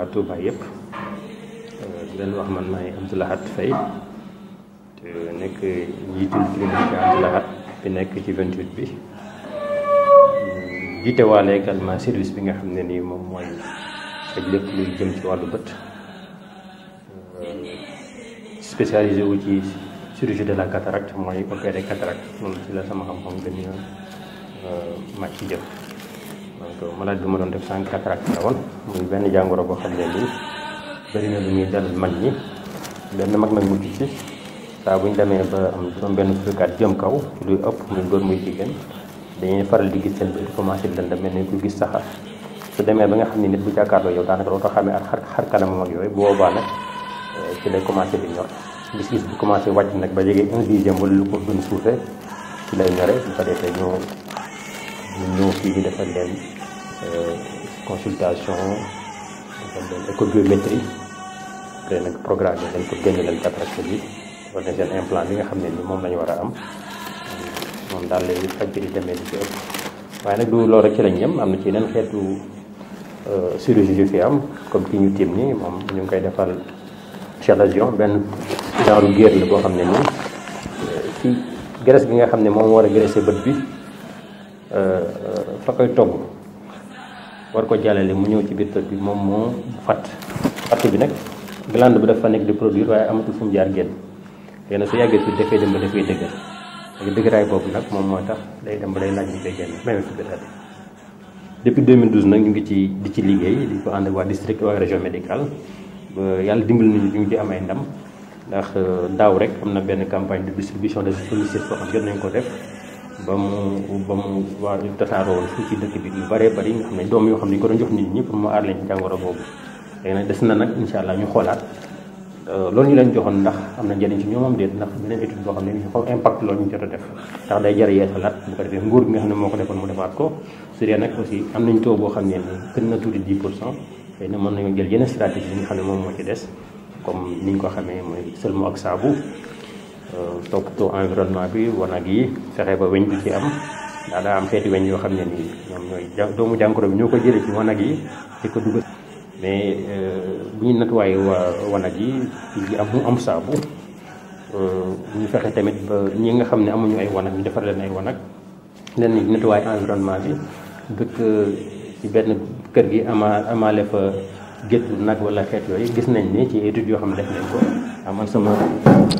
waa Touba yëpp euh, di leen wax man maay Abdou Lahad Faye te nekk njiitul clinique Abdou Lahad bi nekk ci 28 bi jiite waale également service bi nga xam ne nii moom mooy ak lépp luy jëm ci wàllu bët euh, spécialisé wu ci chirurgie de la cataracte mooy opérer cataracte moom ci la sama xam-xam gën a euh, màcc jëm mooy mala duma don ma doon def sànq cataracte la woon muy ben jangoro boo xamne ni bari na lu muy dal mag ni ben mag nak mucc ci sa buñ ñu ba am juróom ben fukat jëm kaw luy upp muy góor muy jigéen dañuy faral di gis seen bët commencé dal da melni ku gis saxa su demee ba nga xamni nit bu jakarlo yow da daanaka dootoo xamé ak xar xar kanamam ak yoy bo ba nak ci lay commencé di ñor gis-gis bu commencé wàcc nak ba jege un dixième wala lu ko dun soufé ci lay ñore bu ko defee ñoo nous fii di defal leen consultation eh, defal leen écobiométrie après nag programme yi dañ ko génn leen cataracte bi defal leen seen implant bi nga xam ne ni moom lañ war a am moom daal léegi faj bi di demee di ci ëpp waaye nag du loolu rek ci lañ yem am na ci yeneen la boo xam fa koy togg war ko jàllale mu ñew ci biir tët bi mom mo fat fat bi nak gland bi dafa nek di produire waaye amatu fu mu jaar génn xëy su yagge tuuti defé dem ba defé degg ak dëgëraay bobu nak mom mo tax day dem ba day laaj ñu koy génn même si biir depuis 2012 nak ñu ngi ci di ci liggéey di ko and ak waa district wa région médicale ba yalla dimbal nañu ñu ngi ci am ay ndam ndax euh, daw rek amna ben campagne de distribution de solution boo xam jot nañ ko def ba mu ba mu waa tasaaroo woon fii ci dëkk bi yu bëree bari nga xam ne doom yoo xam ne ñu ko doon jox nit ñi pour mu boobu léegi nag des na nag incha allah ñu xoolaat euh, loolu ñu leen joxoon ndax am na njëriñ ci ñoom am déet ndax beneen étude boo xam ne ñu ko impact loolu ñu jot a def ndax day jar yeesalaat bu ko defee nguur gi xam ne ko defoon mu am nañ taux boo xam ne gën na tuuti 10 pour cent xëy na mën nañoo jël yenn stratégie yi xam ne moom moo ci des comme ni ñu ko xamee mooy seulement ak saabu top euh, to environnement bi wanag yi fexé ba wéñ ci am da da am xeeti wéñ yo xamné ni ñom ñoy doomu jankoro bi ñoko jëlé jëlee ci wanag yi di ko dugg mais euh, bu ñu natuwaay wa wanag yi ci am bu am sa bu euh ñu fexé tamit ba ñi nga xamné ne amuñu ay wanag ñu défar leen ay wanag leen ñu way environnement bi dëkk ci benn kër gi ama amalé fa géttu nak wala xeet yoy gis nañ ni ci étude yo xamné def nañ ko waaw ah, man sama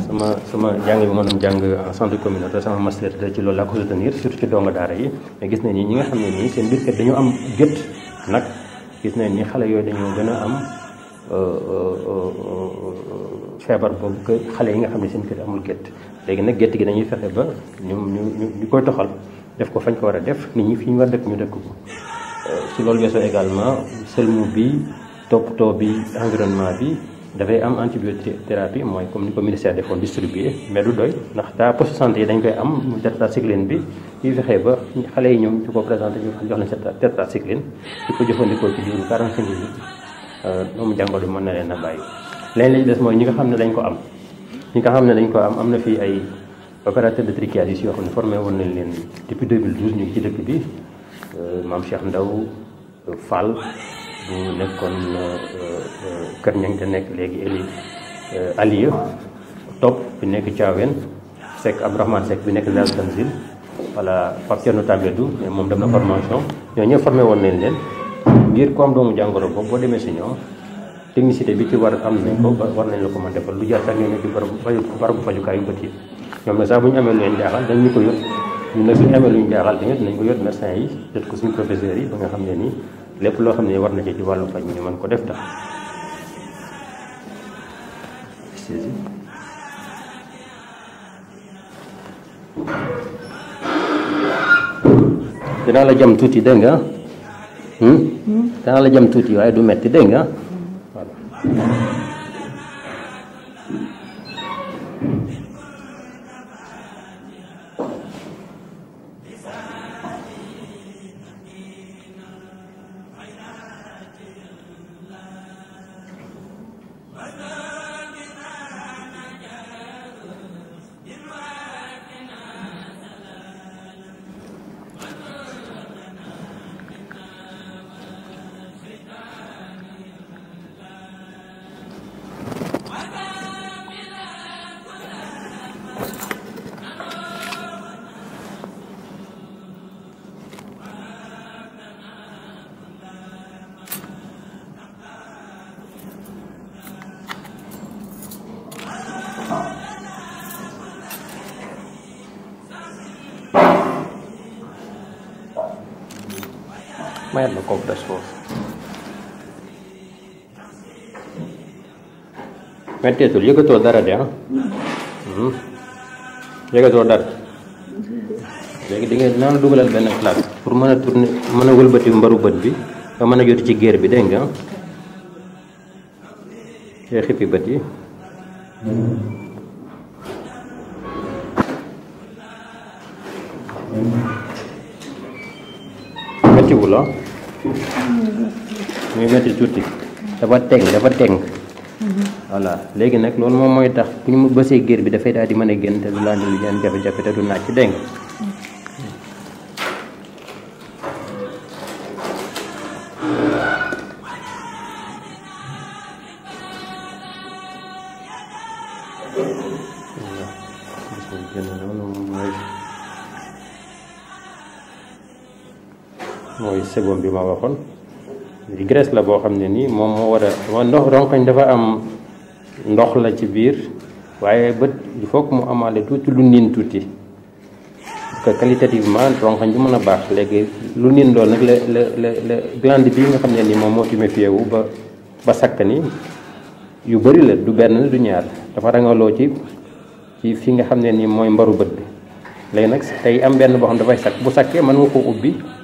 sama sama jàng bi mënum jàng en centre communautaire sama master te ci loolu laa ko soutenir surtout ci donga daara yi mais gis nañ ni ñi nga xam ne nii seen biir kër dañu am gët nag gis nañ ni xale yooyu dañoo gën a am euh, euh, euh, feebar boobu que xale yi nga xam ne seen kër amul gët léegi nag gët gi dañuy fexe ba ñu ñu ñu koy toxal def ko fañ ko war a def nit ñi fi ñu war dëkk ñu dëkk ko si loolu weesoo également sëlmu bi toppatoo bi environnement bi dafay am antibiothérapie mooy comme ni ko ministère defoon distribué mais du doy ndax daa poste santé yi dañ koy am mu tetracycline bi ñuy fexee ba xale yi ñoom ñu ko présenté ñu jox leen tetracycline di ko jëfandikoo ci diiru 45 minutes euh, doomu jàngoro bi mën na leen a bàyyi leneen lañ des ñi nga xam ne dañ ko am ñi nga xam ne dañ ko am am na fii ay opérateur de trichéasis yi xam ne formé woon nañ leen depuis 2012 ñu ngi ci dëkk bi euh, maam Cheikh Ndaw Fall bu nekkoon kër ñang ali, eh, top bi nekk sek abrahman sek bi nekk daal tanzil papier Pape Thierno Tambédou moom dem na formation ñoo ñëpp formé janggoro, nañ leen ngir ko am doomu jàngoro boobu boo demee si ñoom technicité bi ci war am nañ ko war nañ la ko mën defal lu jaar sax ñoo ci barabu faju barabu fajukaayu bët yi ñoom na sax jaaxal dañ ñu ko yot ñun nag suñu amee lu ñu jaaxal ko yot médecin yi jot ko suñu yi ba nga lépp loo xam ne war na ci ci wàllu faj ñu mën ko def tax danaa la jam tuuti dégg nga hmm? hmm? danaa la jam tuuti waaye du metti dégg nga hmm. понятно, как дошло. Mati itu lihat hmm, Jadi dengan nan dua belas kelas, Purmana turun mana gol batu baru batu, mana jor ciger beda enggak? Ya kipi batu. Mati ulah. muy métti tuuti dafa teg dafa teg voilà léegi nag loolu moom mooy tax bu ñu bësee géer bi dafay daal di mën a génn te du laaj lu ñaan jafe-jafe te du naaj ci dégg moy seconde bi ma waxon di graisse la bo xamne ni mom mo wara wa ndox ronkagne dafa am ndox la ci bir waaye bët il faut mu amale tout lu nin touti que qualitativement ronkagne du meuna bax legui lu nin do nak le le le gland bi nga xamne ni mom mo timé fiewu ba ba sakk ni yu bari la du ben du ñaar dafa lo ci ci fi nga xamne ni moy mbaru beut lay nak tay am am bo boo xam fay sak bu sakke man nga ko ubbi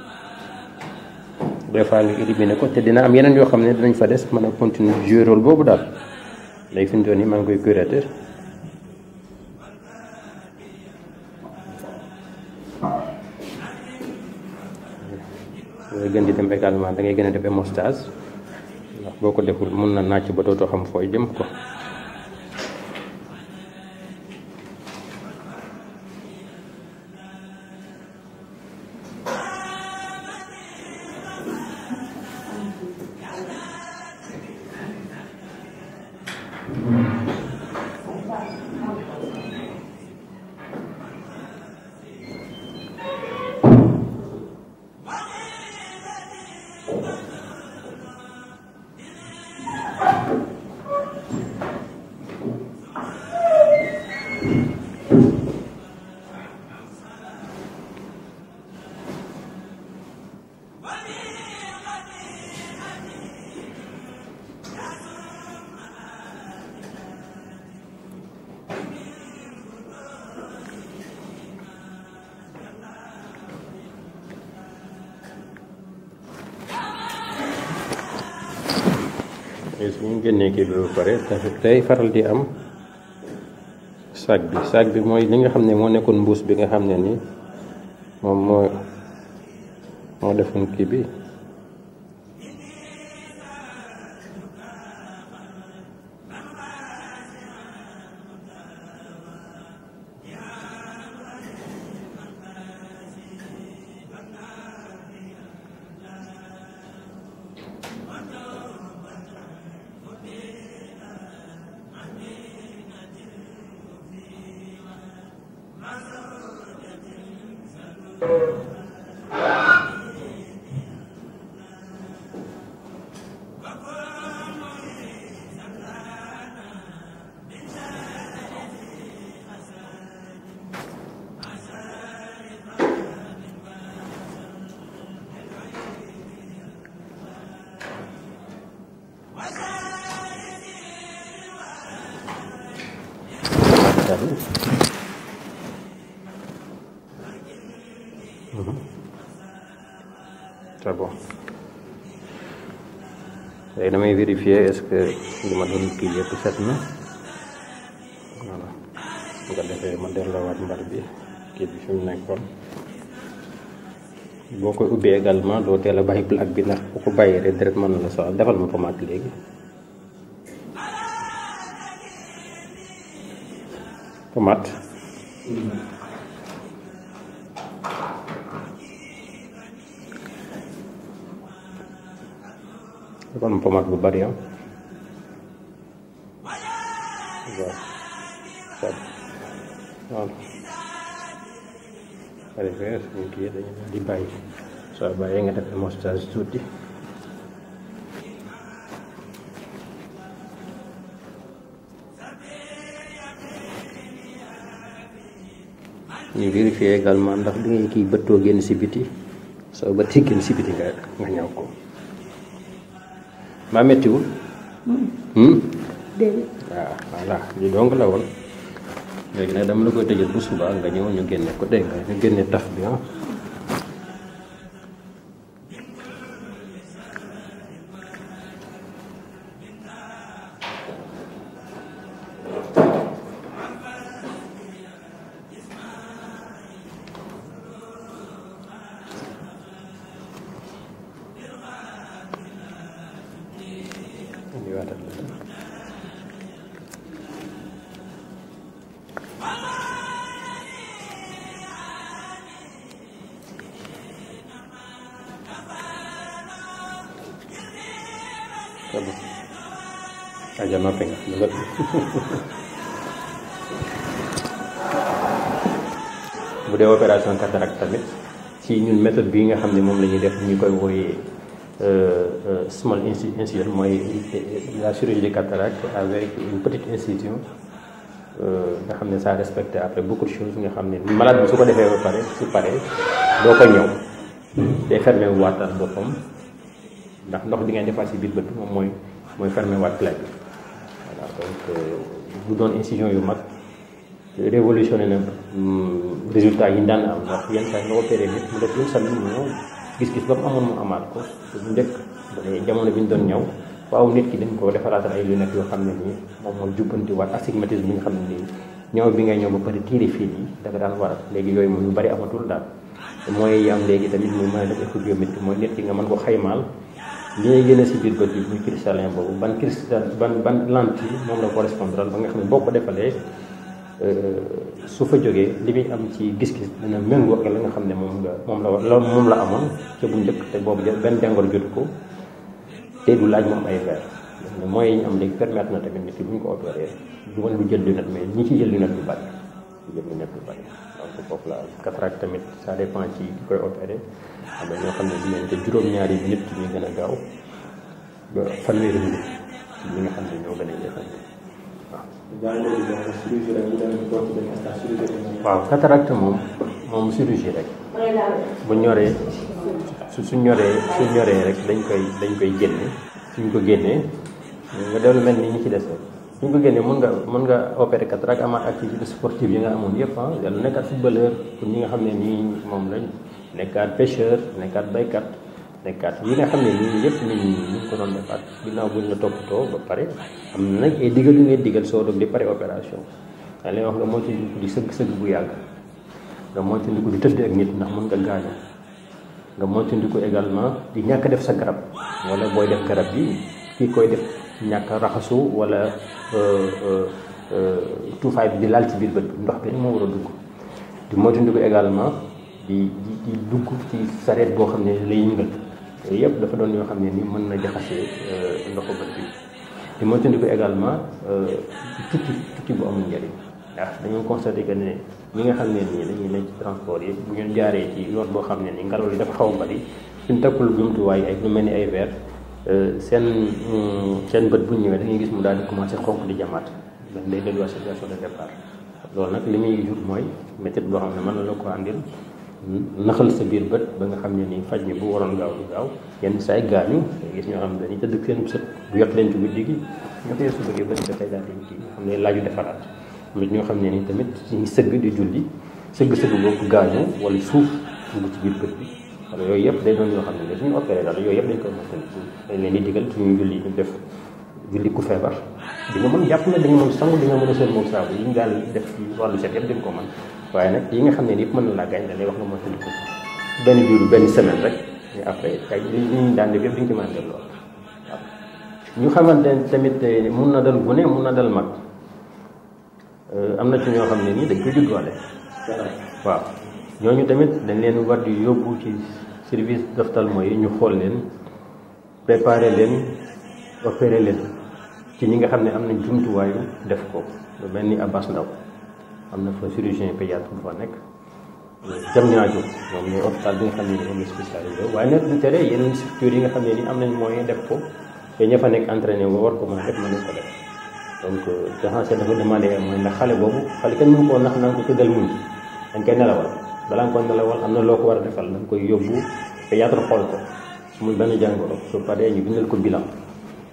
des fois nga éliminer ko te dina am yeneen yoo xam ne dinañ fa des mën a continuer jouer boobu daal léegi fi mu toll nii maa ngi koy curateur gën di dem également da ngay gën a def hémostase ndax boo ko deful mun na nàcc ba dootoo xam fooy jëm ko Amém. su suñu génnee kii bi ba pare tey faral di am sac bi sac bi mooy li nga xam ne moo nekkoon mbuus bi nga xam ne nii moom moo moo defoon kii bi for c'est bon léegi damay vérifier est-ce ma doon kii yëpp set na voilà bu ko defee ma delloowaat mbar bi kii bi fi nekkoon boo koy ubbee également doo teel a bàyyi plaque bi ndax bu ko bàyyi rek mën na la soxla defal ma pommade léegi pommade kon pomade bu bari am waaw waaw suñu kii dañu di bàyyi soo nga def émostage bëttoo génn si biti soo bëttee génn si biti nga nga ko maa méttiwul. Hmm? déedéet. waaw ah, voilà lii donc la woon léegi nag dama la koy tëjal bu subaa nga ñëw ñu génne ko dégg ñu génne tax bi ah. Aja noppi nga dëgg bu dee opération cataracte ñun méthode bii nga xam ne moom lañuy ñuy def ñu koy wooyee euh, euh, small incision mooy euh, la chirurgie de cataracte avec une petite incision nga xam ne ça respecte après beaucoup de choses nga xam ne malade bi su ko defee ba pare su pare doo ko ñëw day fermé waataat boppam ndax ndox bi ngay defar si biir bët moom mooy mooy fermé waat bi donc bu euh, doon incision yu mag révolutionné na hmm, résultat yi daan am ndax yenn saa yi nga opéré nit mu def une semaine mu ñëw gis-gis ba mu amoon mu amaat ko te bu njëkk jamono bi ñu doon ñëw waaw nit ki dañ ko defaraatal ay lunette yoo xam ne nii moom mooy jubbanti waat astigmatisme bi nga xam ne bi ngay ñëw ba pare tiiri fii yi dafa daan war léegi yooyu moom yu bari amatul daal mooy am léegi tamit muy mën a def écho biométrique nit ki nga mën ko xaymaal li ñuy génne si biir bët bi muy cristallin boobu ban cristal ban ban lentille moom la correspondre ba nga xam ne boo ko defalee euh, su fa jógee li muy am ci gis-gis dina méngoo ak la nga xam ne moom la moom la moom la amoon ca bu njëkk te boobu benn jàngoor jotu ko te du laaj mu am ay verre. mooy yi ñu am léegi permettre na tamit nit bu ñu ko opéré du mën lu jël lunette mais ñi ci jël lunette bu bari jël lunette bu bari donc foofu la cataracte tamit ça dépend ci ki koy opéré. am na ñoo xam ne dinañ ko juróom-ñaari minit ci ñuy gën a gaaw ba fanweeri minit ci ñi nga xam ne ñoo gën a jëfandikoo waaw cataracte moom moom chirurgie rek bu ñoree su su ñoree su ñoree rek dañ koy dañ koy génne suñ ko génnee nga dellu mel ni ñi ci des suñ ko génnee nga nga opérer cataracte amaat activité sportive yi nga amoon yëpp ah yàlla footballeur pour ñi nga xam ne nii moom lañ nekkaat pêcheur nekkaat baykat nekkaat yi nga xam ne nii yëpp nit ñi ñu ko doon defaat ginnaaw buñ la toppatoo ba pare am na nag ay digal yu ngeen digal soo doog di pare opération da lay wax nga moytandiku di sëgg-sëgg bu yàgg nga moytandiku di tëdd ak nit ndax mën nga gaañu nga moytandiku également di ñàkk def sa garab wala booy def garab yi kii koy def ñàkk raxasu wala euh, euh, euh, tuufaay bi di laal ci biir bët ndox benn moo war a dugg di moytandiku également di di dugg ci sareet boo xam ne lay yëngal yooyu dafa doon yoo xam ne nii mën na jaxase euh, ndoxu bët bi di moytandiku également euh, tukki tukki bu amul dañoo constaté que ne ñi nga xam ne nii dañuy nekk ci transport yi bu ñu jaaree ci yoon boo xam ne ni ngelaw li dafa xaw a bari suñ takkul jumtuwaay ay lu mel ni ay verre euh, seen seen bët bu ñëwee da gis mu daal di commencé di jamaat day delluwaat loolu nag li muy jur mooy méthode boo xam ne mën na la ko àndil naxal sa biir bët ba nga xam ne ni faj mi bu waroon gaaw du gaaw yenn saay gaañu gis ñoo xam ne dañuy tëdd seen sët bu yàq leen ci guddi gi ñoo koy suba gi bët dafay daal di kii xam ne laaju defaraat nit ñoo xam ne ni tamit ñu sëgg di julli sëgg sëgg boobu gaañu wala suuf dugg ci biir bët bi wala yooyu yëpp day doon yoo xam ne suñu opéré daal yooyu yëpp dañ koy mottal dañ leen di digal suñu julli ñu def julli ku feebar di nga mën jàpp na di nga mën sangu di nga a seen moom saabu yi ñu daal def wàllu set yëpp dañ ko mën waaye nag yi nga xam ne yëpp mën la gañ dañuy wax nga mën tëdd benn biiru benn semaine rek ñu après ay li ñu daan def yëpp duñ ci mën a def loolu ñu xamante tamit euh, mun na dal gune mun na dal mag euh, am na ci ñoo xam ne nii dañ ko juddoole waaw ñooñu tamit dañ leen war di yóbbu ci service d'ophtalmo yi ñu xool leen préparer leen opérer leen ci ñi nga xam ne am nañ jumtuwaayu def ko lu mel ni Abbas Ndaw am na fa chirurgien pédiatre bu fa nekk jam ñaajo moom mooy hôpital bi nga xam ne ni am na spécialisé waaye nag du tere yeneen structure yi nga xam ne ni am nañ moyen def ko te ña fa nekk entraîné wu war ko mën a def mën nañ ko def donc daxancet dafa demandé mooy na xale boobu xale kenn mënu koo nax na nga ko tëddal muñ dañ ko nelawal balaa nga ko nelawal am na loo ko war a defal da nga koy yóbbu pédiatre xool ko su muy benn jàngoro su paree ñu bindal ko bilan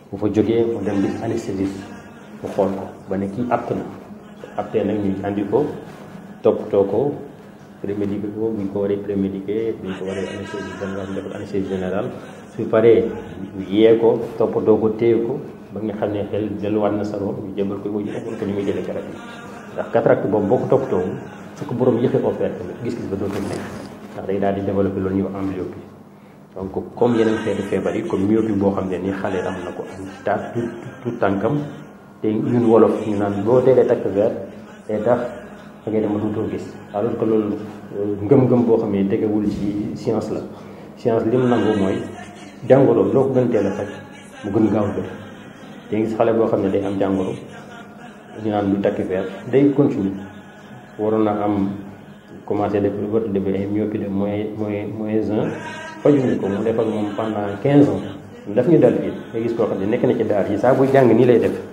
bu fa jógee mu dem di anesthésiste mu xool ko ba ne kii apte après nak ñu andi ko top to ko prémédiqué ko buñ ko waree prémédiqué buñ ko waree anesthésie générale ñu defal anesthésie générale su paré yé ko top to ko téye ko ba nga xamné xel jël delluwaat na sa room ñu jëmbal ko ñu defal ko ñu muy jëlee garab ndax cataracte boobu boo top to su ko borom yëxee offert tamit gis-gis ba dootul neex ndax day daal di développer lool ñu wax amblyopie donc comme yeneen xeetu feebar yi comme myopie boo xam ne ni xalé am nako am taat tout tankam te ñun wolof ñu naan boo teelee takk weer day tax a ngay dem dootoo gis alors que loolu ngëm-ngëm boo xam ne tegewul ci science la science li mu nangu mooy jàngoro loo ko gën teel a faj mu gën gaaw a te gis xale boo xam ne day am jàngoro ñu naan du takk weer day continuer waroon na am commencé def lu war a defee ay myopie de moins moins moins un fajuñu ko mu defal moom pendant quinze ans daf ñu dal fii nga gis koo xam ne nekk na ci daara yi saa buy jàng nii lay def.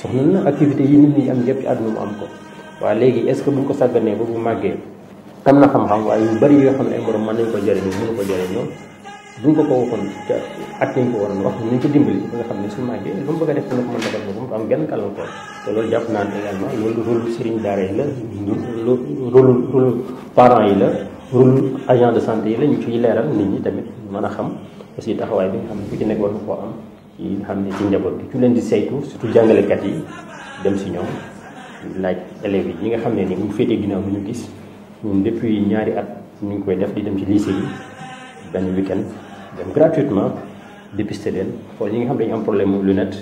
soxla na activité yi nit ñi am yëpp ci àdduna mu am ko waaw léegi est-ce que buñ ko sàgganee ba bu màggee am na xam-xam waaye yu bari yoo xam ne ay borom mën nañ ko jëriñoo mënu ko jëriñoo buñ ko ko waxoon te at nañ ko waroon wax nañ ko dimbali nga xam ne su màggee lu mu bëgg a def dina ko mën defal ko mu am benn kàllankoor te loolu jàpp naa ne également loolu rôle sëriñ daara yi la rôle rôle parents yi la rôle agent de santé yi la ñu ciy leeral nit ñi tamit mën a xam aussi taxawaay bi nga xam ne ku ci nekk war nga koo am yi nga xam ne ci njaboot gi ci leen di saytu surtout jàngalekat yi dem si ñoom laaj élèves yi nga xam ne ni mu ñu féetee ginnaaw ñu gis ñun depuis ñaari at ñu ngi koy def di dem ci lycée yi benn weekend dem gratuitement dépister leen xool ñi nga xam dañu am problème mu lunette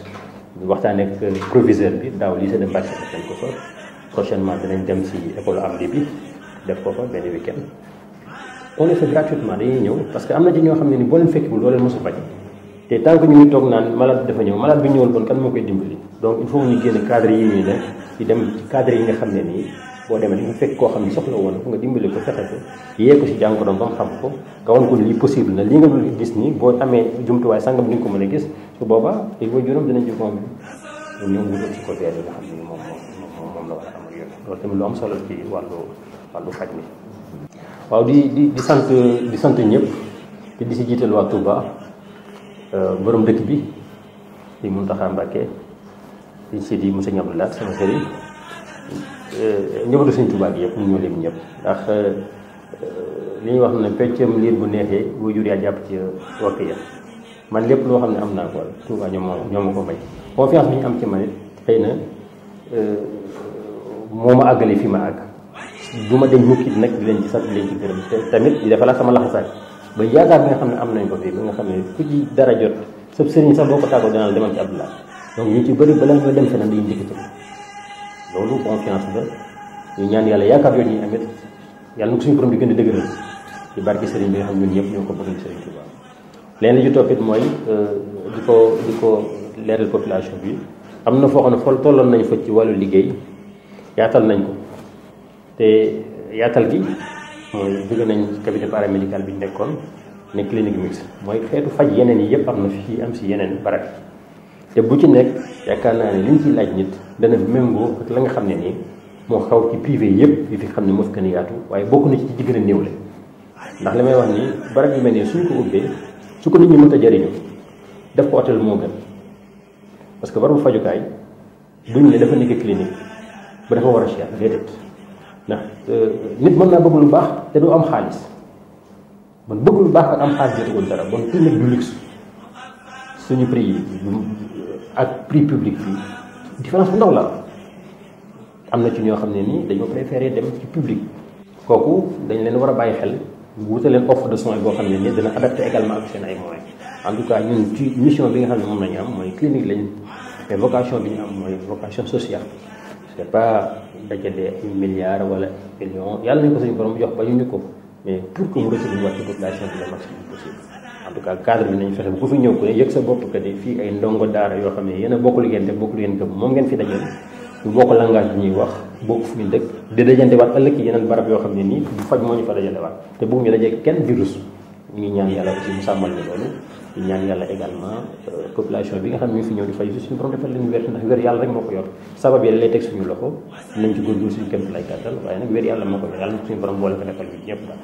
ñu waxtaan ak proviseur bi daaw lycée de Mbacké def ko fa prochainement dinañ dem si école Abdi bi def ko fa benn weekend on le fait gratuitement dañuy ñëw parce que am na ci ñoo xam ne ni boo leen fekkewul doo a faj te tant que ñu ngi toog naan malade dafa ñëw malade bi ñëwul kon kan moo koy dimbali donc il faut ñu génn cadre yi dem cadre yi nga xam ne nii boo demee dafa fekk koo xam ne soxla woon ko nga dimbali ko fexe ko yee ko si jàngoro ba mu xam ko nga wan ko lii possible na li nga dul gis nii boo amee jumtuwaay sangam di nga ko mën a gis su boobaa léegi booy juróom dinañ ci moom ñoom ñoom ñu ci ko dee li nga xam ne moom moom moom la a am yoon loolu tamit solo ci wàllu wàllu faj mi waaw di di sant di sant ñëpp te di si jiital waa Touba Euh, boroom dëkk bi di Mountakha Mbacké di si di monsieur Ndiabou Laat sama sëriñ euh, njabootu Sëriñ Tuubaa gi yëpp ñu ñoo leen ñëpp ndax euh, li ñuy wax ne peccam liir bu neexee boo jur yaa jàpp ci wakk ya man lépp loo xam ne am naa ko wala Tuubaa ñoo ma ñoo ma ko may confiance bi ñu am ci man it xëy na moo ma àggale fi ma àgg du ma dem mukk it nag di leen ci leen ci gërëm te tamit di defalaat sama laxasaay ba yaakaar bi nga xam ne am nañ ko fii ba nga xam ne ku ci dara jot sab sëriñ sax boo ko tàggoo danaa demal ci Abdoulaye donc ñu ci bëri balaa ñoo dem feneen dañuy njëkk loolu confiance la ñu ñaan yàlla yaakaar yooyu ñuy amit yàlla na ko suñu borom di gën a dëgëral ci bi nga xam ñun ñëpp ñoo ko bëgg sëriñ Touba leneen li toppit mooy euh, di ko di ko leeral population bi am na foo xam ne fol tolloon nañu fa ci wàllu liggéey yaatal nañ ko te yaatal gi mooy jóge nañ ci comité paramédical bi ñu nekkoon ne clinique mixte mooy xeetu faj yeneen yi yëpp am na fii am si yeneen barab te bu ci nekk yaakaar naa ne liñ ciy laaj nit dana méngoo ak la nga xam ne nii moo xaw ci privé yëpp yi fi xam ne mos gën a yaatu waaye bokk na ci ci gën a néewle ndax li may wax ni barab yu mel nii su ko ubbee su ko nit ñi mënut a jëriñu def ko hôtel moo gën parce que barabu fajukaay duñ ne dafa nekk clinique ba dafa war a nit mën naa bëgg lu baax te du am xaalis man bëgg lu baax ak am xaalis jotagul dara bon tout du luxe suñu prix yi ak prix public bi différence bu ndaw la am na ci ñoo xam ne nii dañoo préféré dem ci public. kooku dañ leen war a bàyyi xel wute leen offre de soins boo xam ne nii dana adapté également ak seen ay moyens en tout cas ñun ci mission bi nga xam ne moom la am mooy clinique lañ mais vocation bi ñu am mooy vocation sociale. te pas dajalee ay milliards wala ay millions yàlla nañu ko suñu borom jox ba ñu ñu ko mais pour que mu retourné waat ci population bi le maximum possible en tout cas cadre bi nañu fexe bu fi ñëw ko yëg sa bopp que de fii ay ndongo daara yoo xam ne yéen a bokkul ngeen te bokkul ngeen gëm moom ngeen fi dajale ñu bokk langage bi ñuy wax bokk fu ñu dëkk di dajante waat ëllëg ci yeneen barab yoo xam ne nii bu faj moo ñu fa dajante waat te bëgg ñu dajee kenn virus ñu ñaan yàlla aussi mu sàmmal ñu loolu ñaan yàlla également euh, population bi nga xam ne ñu fi ñëw di fay suñu borom defal leen wér yàlla rek moo ko yor sabab yi lay teg suñu loxo nañ ci góorgóorlu suñu kéem lay gàttal waaye nag wér yàlla moo ko yor yàlla na suñu borom boole ko defal ñëpp daal